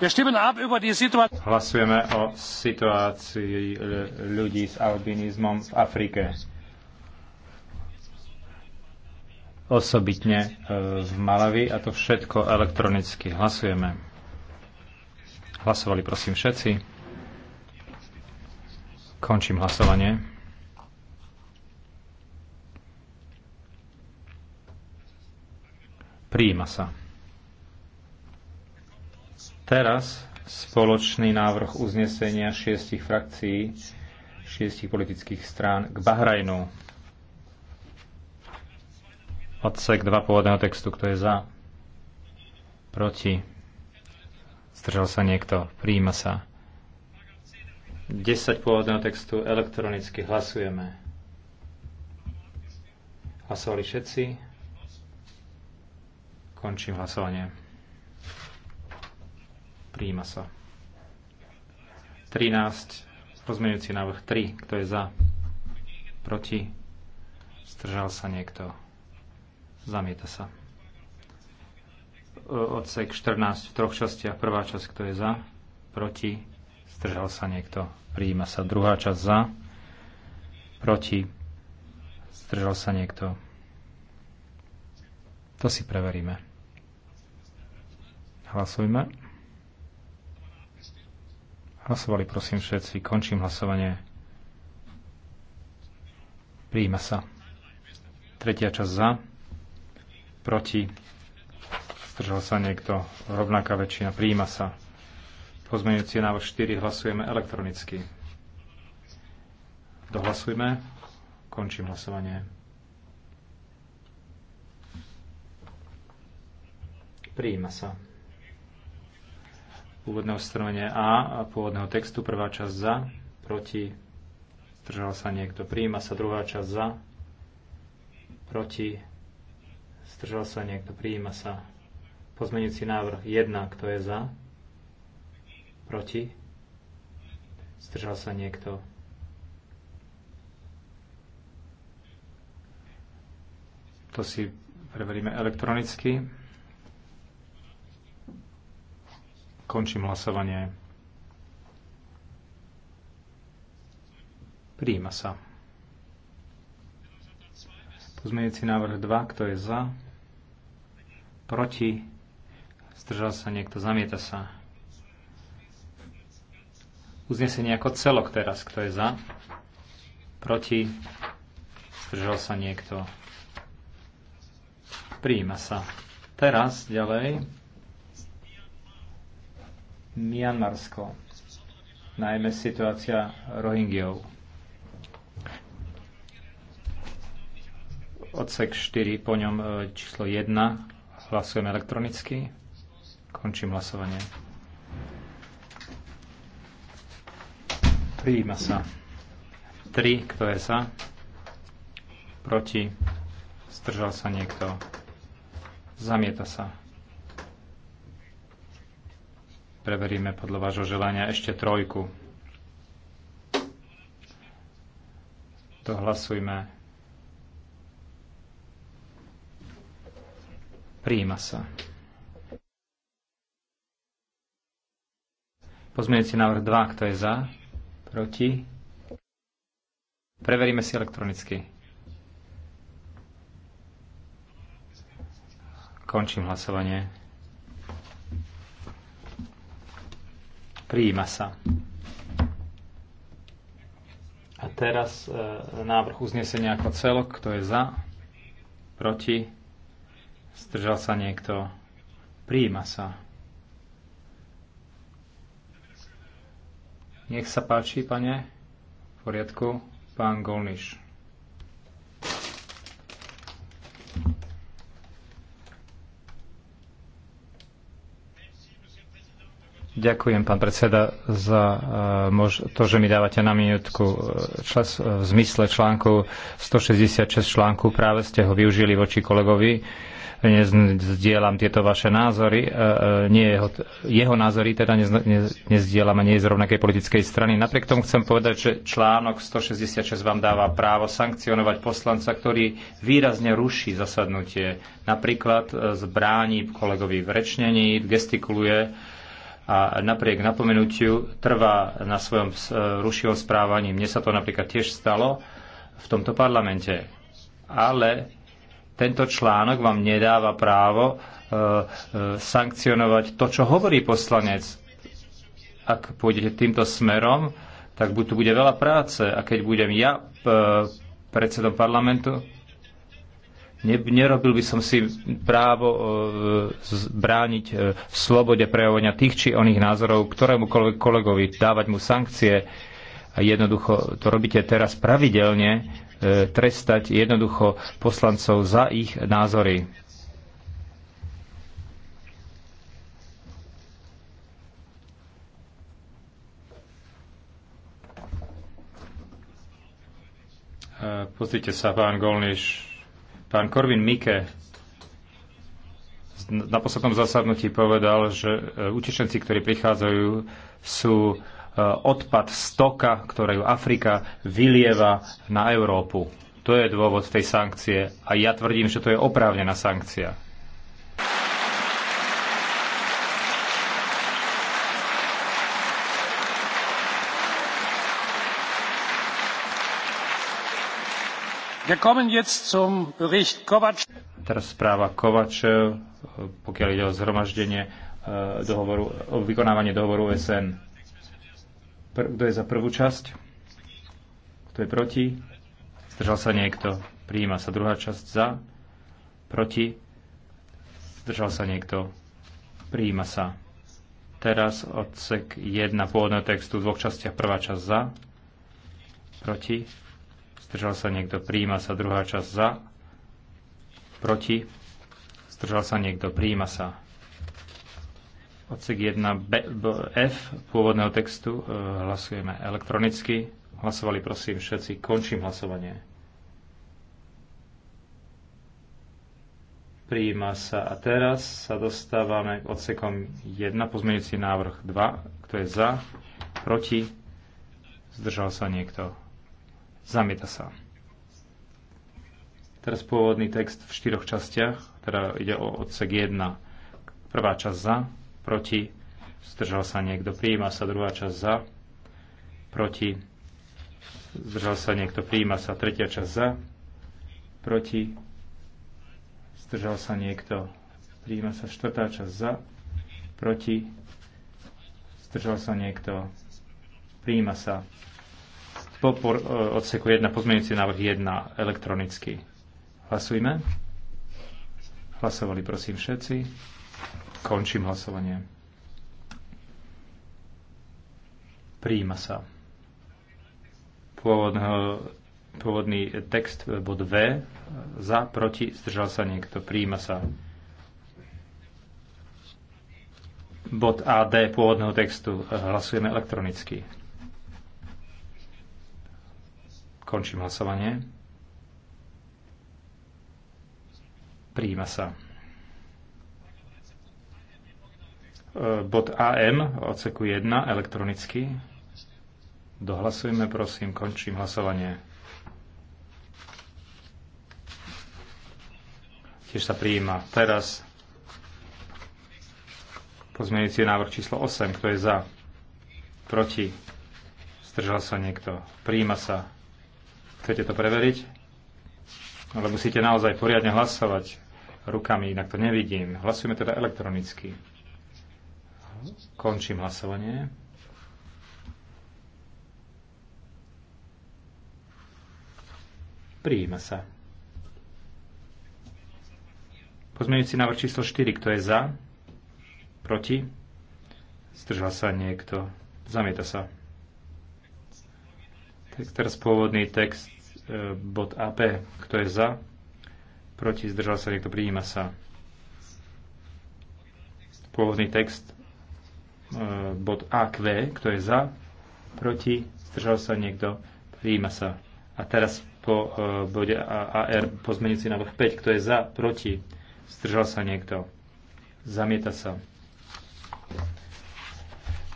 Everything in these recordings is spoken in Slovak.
Hlasujeme o situácii e, ľudí s albinizmom v Afrike. Osobitne e, v Malavi a to všetko elektronicky. Hlasujeme. Hlasovali prosím všetci. Končím hlasovanie. Prijíma sa. Teraz spoločný návrh uznesenia šiestich frakcií, šiestich politických strán k Bahrajnu. Odsek 2 pôvodného textu, kto je za? Proti? Zdržal sa niekto? Príjima sa. 10 pôvodného textu elektronicky hlasujeme. Hlasovali všetci? Končím hlasovanie. Príjima sa. 13. Pozmeňujúci návrh 3. Kto je za? Proti? stržal sa niekto? Zamieta sa. E, odsek 14 v troch častiach. Prvá časť, kto je za? Proti? stržal sa niekto? Príjima sa. Druhá časť za? Proti? Stržal sa niekto? To si preveríme. Hlasujme. Hlasovali prosím všetci. Končím hlasovanie. Príjima sa. Tretia časť za. Proti. Zdržal sa niekto. Rovnaká väčšina. Príjima sa. Pozmeňujúci návrh 4 hlasujeme elektronicky. Dohlasujme. Končím hlasovanie. Príjima sa úvodného strojenia A a pôvodného textu, prvá časť za, proti, zdržal sa niekto, príjma sa druhá časť za, proti, zdržal sa niekto, prijíma sa Pozmeňujúci návrh 1, kto je za, proti, zdržal sa niekto, to si preveríme elektronicky. Končím hlasovanie. Príjima sa. Pozmeňujúci návrh 2, kto je za? Proti? Zdržal sa niekto? Zamieta sa. Uznesenie ako celok teraz, kto je za? Proti? Zdržal sa niekto? Príjima sa. Teraz ďalej. Mianmarsko, najmä situácia Rohingyov. Odsek 4, po ňom e, číslo 1, hlasujem elektronicky. Končím hlasovanie. Prijíma sa. 3, kto je za? Proti? Zdržal sa niekto? Zamieta sa. Preveríme podľa vášho želania ešte trojku. To Príjima sa. Pozmienujúci návrh 2, kto je za? Proti? Preveríme si elektronicky. Končím hlasovanie. Prijíma sa. A teraz e, návrh uznesenia ako celok. Kto je za? Proti? Zdržal sa niekto? Prijíma sa. Nech sa páči, pane. V poriadku. Pán Golniš. Ďakujem, pán predseda, za eh, to, že mi dávate na minútku eh, čas eh, v zmysle článku 166 článku. Práve ste ho využili voči kolegovi. Nezdielam tieto vaše názory. Nie jeho, jeho názory teda nezdielam a nie je z rovnakej politickej strany. Napriek tomu chcem povedať, že článok 166 vám dáva právo sankcionovať poslanca, ktorý výrazne ruší zasadnutie. Napríklad zbráni kolegovi v rečnení, gestikuluje a napriek napomenutiu trvá na svojom e, rušivom správaní. Mne sa to napríklad tiež stalo v tomto parlamente. Ale tento článok vám nedáva právo e, e, sankcionovať to, čo hovorí poslanec. Ak pôjdete týmto smerom, tak tu bude veľa práce. A keď budem ja predsedom parlamentu, Nerobil by som si právo e, brániť v e, slobode prejavovania tých či oných názorov ktorémukoľvek kolegovi, dávať mu sankcie. Jednoducho to robíte teraz pravidelne, e, trestať jednoducho poslancov za ich názory. Pozrite sa, pán Golniš, Pán Korvin Mike na poslednom zasadnutí povedal, že e, utečenci, ktorí prichádzajú, sú e, odpad stoka, ktorý Afrika vylieva na Európu. To je dôvod tej sankcie a ja tvrdím, že to je oprávnená sankcia. Teraz správa Kovačev, pokiaľ ide o zhromaždenie e, dohovoru, o vykonávanie dohovoru SN. Kto je za prvú časť? Kto je proti? Zdržal sa niekto? Prijíma sa druhá časť za? Proti? Zdržal sa niekto? Prijíma sa. Teraz odsek 1 pôvodného textu v dvoch častiach. Prvá časť za? Proti? zdržal sa niekto, príjima sa druhá časť za, proti, zdržal sa niekto, príjima sa. Odsek 1 B, B, F pôvodného textu e, hlasujeme elektronicky. Hlasovali prosím všetci. Končím hlasovanie. Príjima sa a teraz sa dostávame k odsekom 1, pozmeňujúci návrh 2, kto je za, proti, zdržal sa niekto. Zamieta sa. Teraz pôvodný text v štyroch častiach, teda ide o odsek 1. Prvá časť za, proti, zdržal sa niekto, prijíma sa druhá časť za, proti, zdržal sa niekto, prijíma sa tretia časť za, proti, zdržal sa niekto, prijíma sa štvrtá časť za, proti, zdržal sa niekto, prijíma sa po e, odseku 1 pozmeňujúci návrh 1 elektronicky. Hlasujme. Hlasovali prosím všetci. Končím hlasovanie. Príjima sa. Pôvodného, pôvodný text e, bod V. E, za, proti, zdržal sa niekto. Príjima sa. Bod AD pôvodného textu hlasujeme elektronicky. Končím hlasovanie. Príjima sa. E, bod AM, odseku 1, elektronicky. Dohlasujme, prosím, končím hlasovanie. Tiež sa prijíma. Teraz pozmeňujúci návrh číslo 8. Kto je za? Proti? Zdržal sa niekto? Prijíma sa. Chcete to preveriť? Ale musíte naozaj poriadne hlasovať rukami, inak to nevidím. Hlasujeme teda elektronicky. Končím hlasovanie. Prijíma sa. Pozmeňujúci návrh číslo 4. Kto je za? Proti? Zdržal sa niekto? Zamieta sa. Teraz pôvodný text e, bod AP. Kto je za? Proti? Zdržal sa niekto? Prijíma sa. Pôvodný text e, bod AQ. Kto je za? Proti? Zdržal sa niekto? Prijíma sa. A teraz po e, bode AR si návrh 5. Kto je za? Proti? Zdržal sa niekto? Zamieta sa.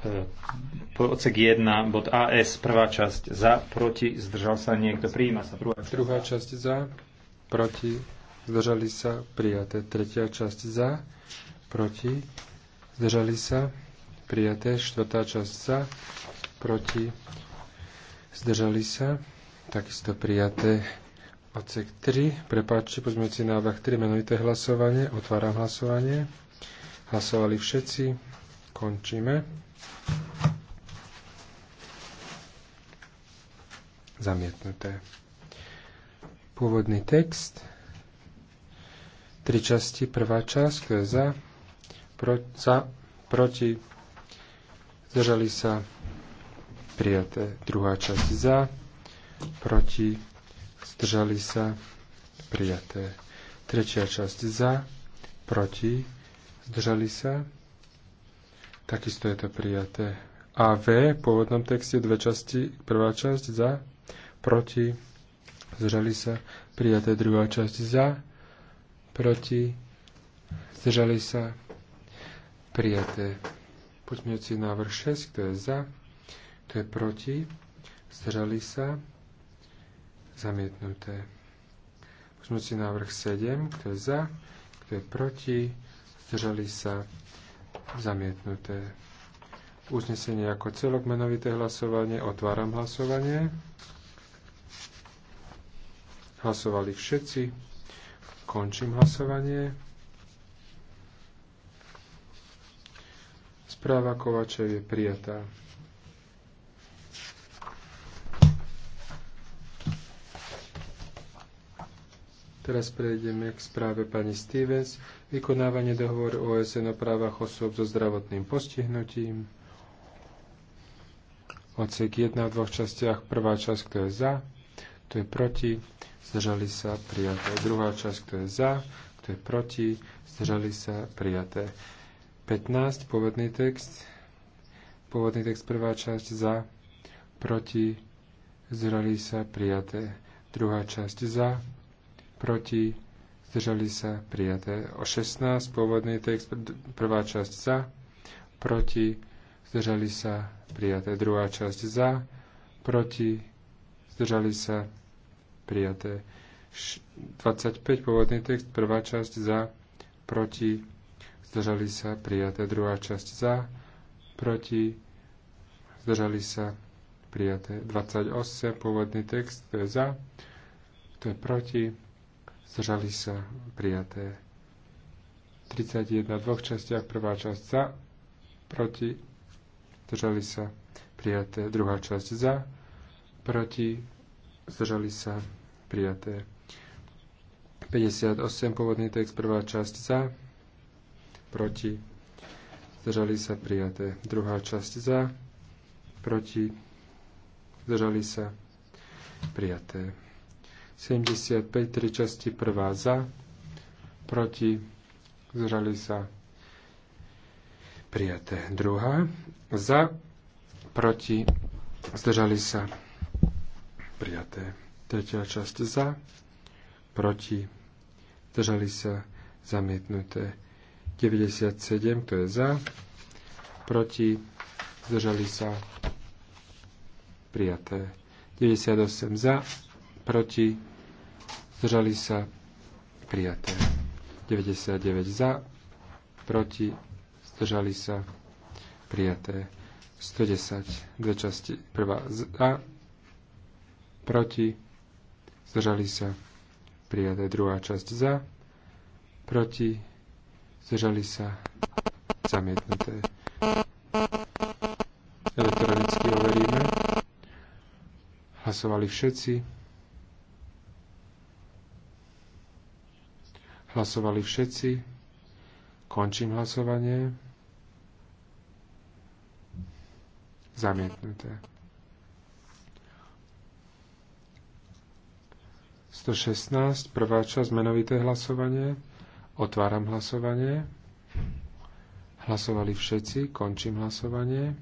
E, odsek 1, bod AS, prvá časť za, proti, zdržal sa niekto, prijíma sa druhá časť. Druhá časť za, proti, zdržali sa, prijaté. Tretia časť za, proti, zdržali sa, prijaté. Štvrtá časť za, proti, zdržali sa, takisto prijaté. Odsek 3, prepáčte, si návrh 3, menovité hlasovanie, otváram hlasovanie. Hlasovali všetci. Končíme. Zamietnuté. Pôvodný text. Tri časti. Prvá časť, kto je za, pro, za proti, zdržali sa, prijaté. Druhá časť za, proti, zdržali sa, prijaté. Tretia časť za, proti, zdržali sa, Takisto je to prijaté. A V v pôvodnom texte dve časti. Prvá časť za, proti, zdržali sa. Prijaté druhá časť za, proti, zdržali sa. Prijaté. Poďme si návrh 6, kto je za, kto je proti, zdržali sa. Zamietnuté. poďme si návrh 7, kto je za, kto je proti, zdržali sa Zamietnuté. Uznesenie ako celok menovité hlasovanie. Otváram hlasovanie. Hlasovali všetci. Končím hlasovanie. Správa Kovačev je prijatá. Teraz prejdeme k správe pani Stevens. Vykonávanie dohovoru OSN o právach osôb so zdravotným postihnutím. Odsek 1 v dvoch častiach. Prvá časť, kto je za, kto je proti, zdržali sa prijaté. Druhá časť, kto je za, kto je proti, zdržali sa prijaté. 15, pôvodný text. Pôvodný text, prvá časť, za, proti, zdržali sa prijaté. Druhá časť, za, proti, zdržali sa prijaté. O 16 pôvodný text, prvá časť za, proti, zdržali sa prijaté. Druhá časť za, proti, zdržali sa prijaté. 25 pôvodný text, prvá časť za, proti, zdržali sa prijaté. Druhá časť za, proti, zdržali sa prijaté. 28 pôvodný text, to je za, to je proti, zdržali sa prijaté. 31 v dvoch častiach, prvá časť za, proti, zdržali sa prijaté, druhá časť za, proti, zdržali sa prijaté. 58 pôvodný text, prvá časť za, proti, zdržali sa prijaté, druhá časť za, proti, zdržali sa prijaté. 75, 3 časti, prvá za, proti, zrali sa prijaté. Druhá, za, proti, zdržali sa prijaté. Tretia časť za, proti, zdržali sa zamietnuté. 97, to je za, proti, zdržali sa prijaté. 98 za, proti, zdržali sa prijaté. 99 za, proti, zdržali sa prijaté. 110, dve časti, prvá za, proti, zdržali sa prijaté. Druhá časť za, proti, zdržali sa zamietnuté. Elektronicky overíme. Hlasovali všetci. Hlasovali všetci. Končím hlasovanie. Zamietnuté. 116, prvá časť, menovité hlasovanie. Otváram hlasovanie. Hlasovali všetci, končím hlasovanie.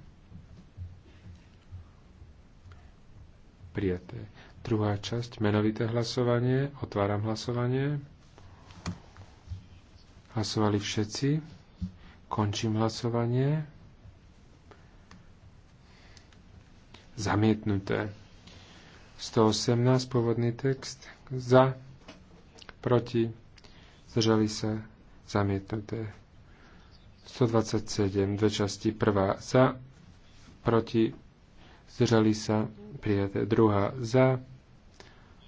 Prijaté. Druhá časť, menovité hlasovanie. Otváram hlasovanie. Hlasovali všetci. Končím hlasovanie. Zamietnuté. 118 pôvodný text. Za. Proti. Zdržali sa. Zamietnuté. 127. Dve časti. Prvá za. Proti. Zdržali sa. Prijaté. Druhá za.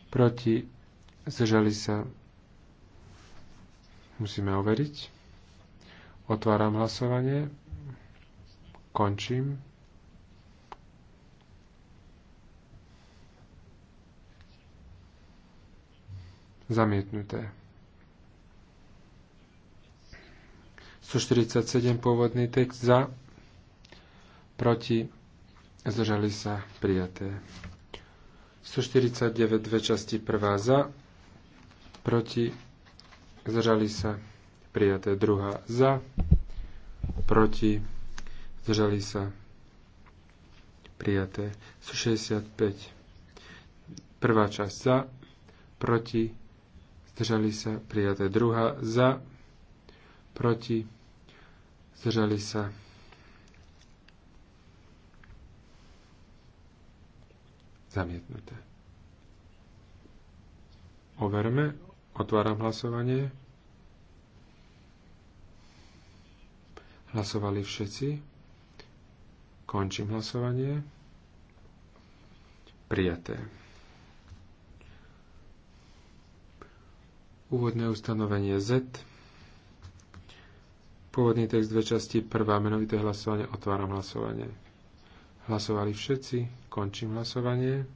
Proti. Zdržali sa Musíme overiť. Otváram hlasovanie. Končím. Zamietnuté. 147 pôvodný text za, proti, zdržali sa prijaté. 149 dve časti prvá za, proti, zdržali sa, prijaté druhá za, proti, zdržali sa, prijaté 65. Prvá časť za, proti, zdržali sa, prijaté druhá za, proti, zdržali sa, zamietnuté. Overme, otváram hlasovanie. Hlasovali všetci. Končím hlasovanie. Prijaté. Úvodné ustanovenie Z. Pôvodný text dve časti, prvá menovité hlasovanie, otváram hlasovanie. Hlasovali všetci, končím hlasovanie.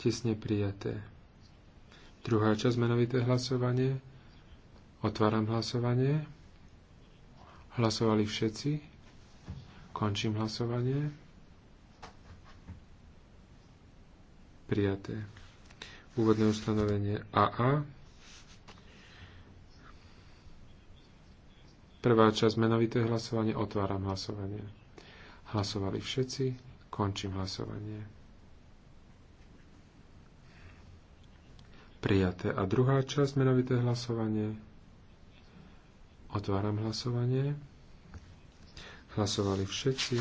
Tesne prijaté. Druhá časť menovité hlasovanie. Otváram hlasovanie. Hlasovali všetci. Končím hlasovanie. Prijaté. Úvodné ustanovenie AA. Prvá časť menovité hlasovanie. Otváram hlasovanie. Hlasovali všetci. Končím hlasovanie. Prijaté. A druhá časť, menovité hlasovanie. Otváram hlasovanie. Hlasovali všetci.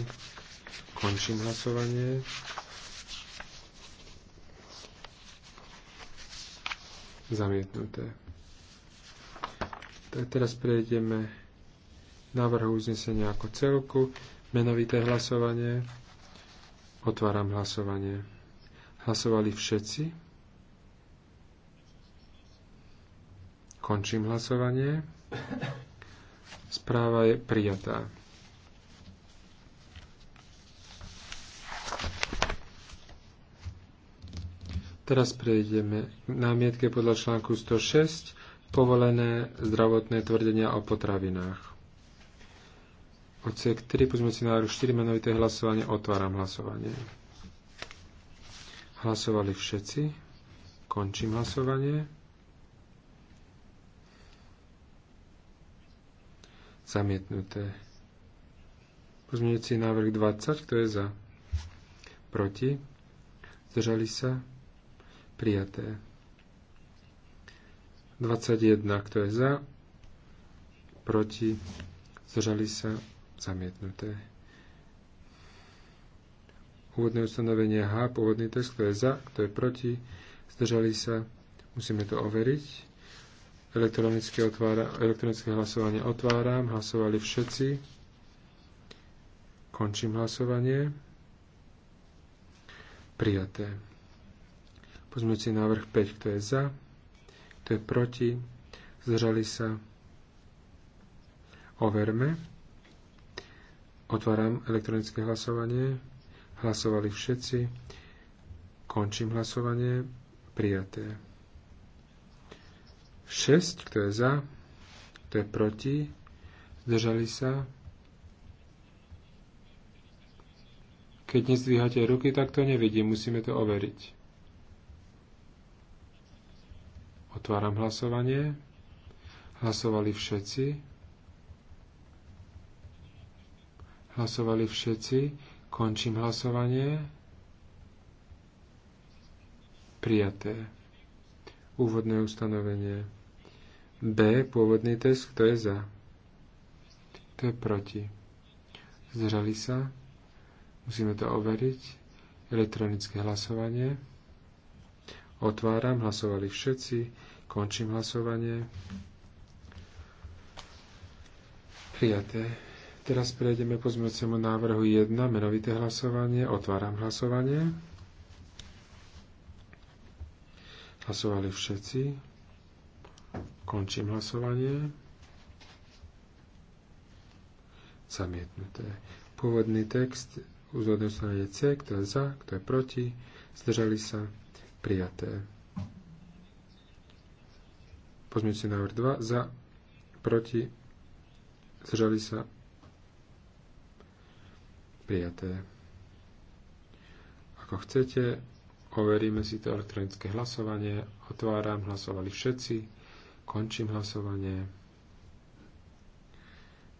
Končím hlasovanie. Zamietnuté. Tak teraz prejdeme návrhu uznesenia ako celku. Menovité hlasovanie. Otváram hlasovanie. Hlasovali všetci. Končím hlasovanie. Správa je prijatá. Teraz prejdeme k námietke podľa článku 106 povolené zdravotné tvrdenia o potravinách. Odsek 3, si návrh 4, menovité hlasovanie, otváram hlasovanie. Hlasovali všetci. Končím hlasovanie. Zamietnuté. Pozmeňujúci návrh 20, kto je za? Proti? Zdržali sa? Prijaté. 21, kto je za? Proti? Zdržali sa? Zamietnuté. Úvodné ustanovenie H, pôvodný text, kto je za, kto je proti, zdržali sa, musíme to overiť. Elektronické, otvára, elektronické hlasovanie otváram. Hlasovali všetci. Končím hlasovanie. Prijaté. Pozmeňujúci návrh 5. Kto je za? Kto je proti? Zdržali sa? Overme. Otváram elektronické hlasovanie. Hlasovali všetci. Končím hlasovanie. Prijaté. 6, kto je za, kto je proti, zdržali sa. Keď nezdvíhate ruky, tak to nevidím, musíme to overiť. Otváram hlasovanie. Hlasovali všetci. Hlasovali všetci. Končím hlasovanie. Prijaté. Úvodné ustanovenie. B, pôvodný test. kto je za? Kto je proti? Zdržali sa? Musíme to overiť. Elektronické hlasovanie. Otváram, hlasovali všetci. Končím hlasovanie. Prijaté. Teraz prejdeme po zmecemu návrhu 1, menovité hlasovanie. Otváram hlasovanie. Hlasovali všetci. Končím hlasovanie. Zamietnuté. Pôvodný text úvodné je C, kto je za, kto je proti, zdržali sa, prijaté. si návrh 2, za, proti, zdržali sa, prijaté. Ako chcete, overíme si to elektronické hlasovanie. Otváram, hlasovali všetci. Končím hlasovanie.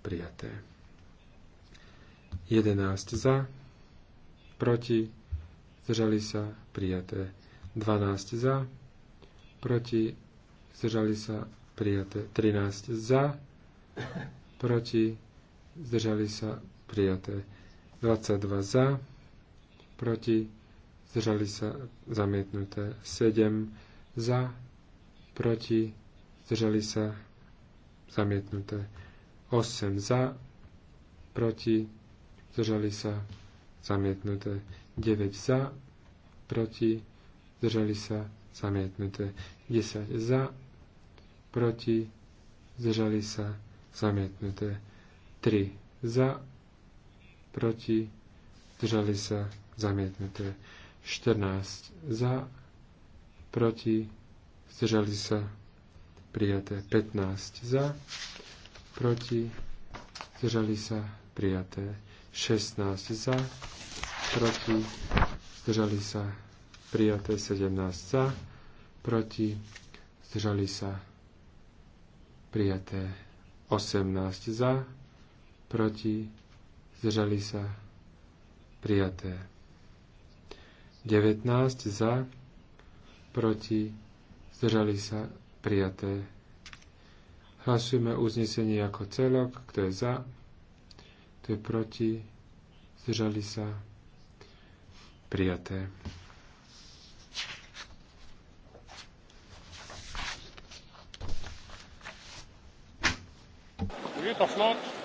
Prijaté. 11 za, proti, zdržali sa, prijaté. 12 za, proti, zdržali sa, prijaté. 13 za, proti, zdržali sa, prijaté. 22 za, proti, zdržali sa, zamietnuté. 7 za, proti, zdržali sa, zamietnuté. 8 za, proti, zdržali sa, zamietnuté. 9 za, proti, zdržali sa, zamietnuté. 10 za, proti, zdržali sa, zamietnuté. 3 za, proti, zdržali sa, zamietnuté. 14 za, proti, zdržali sa, prijaté 15 za, proti, zdržali sa, prijaté 16 za, proti, zdržali sa, prijaté 17 za, proti, zdržali sa, prijaté 18 za, proti, zdržali sa, prijaté 19 za, proti, zdržali sa, prijaté. Hlasujeme uznesenie ako celok, kto je za, kto je proti, zdržali sa, prijaté. Je to Land.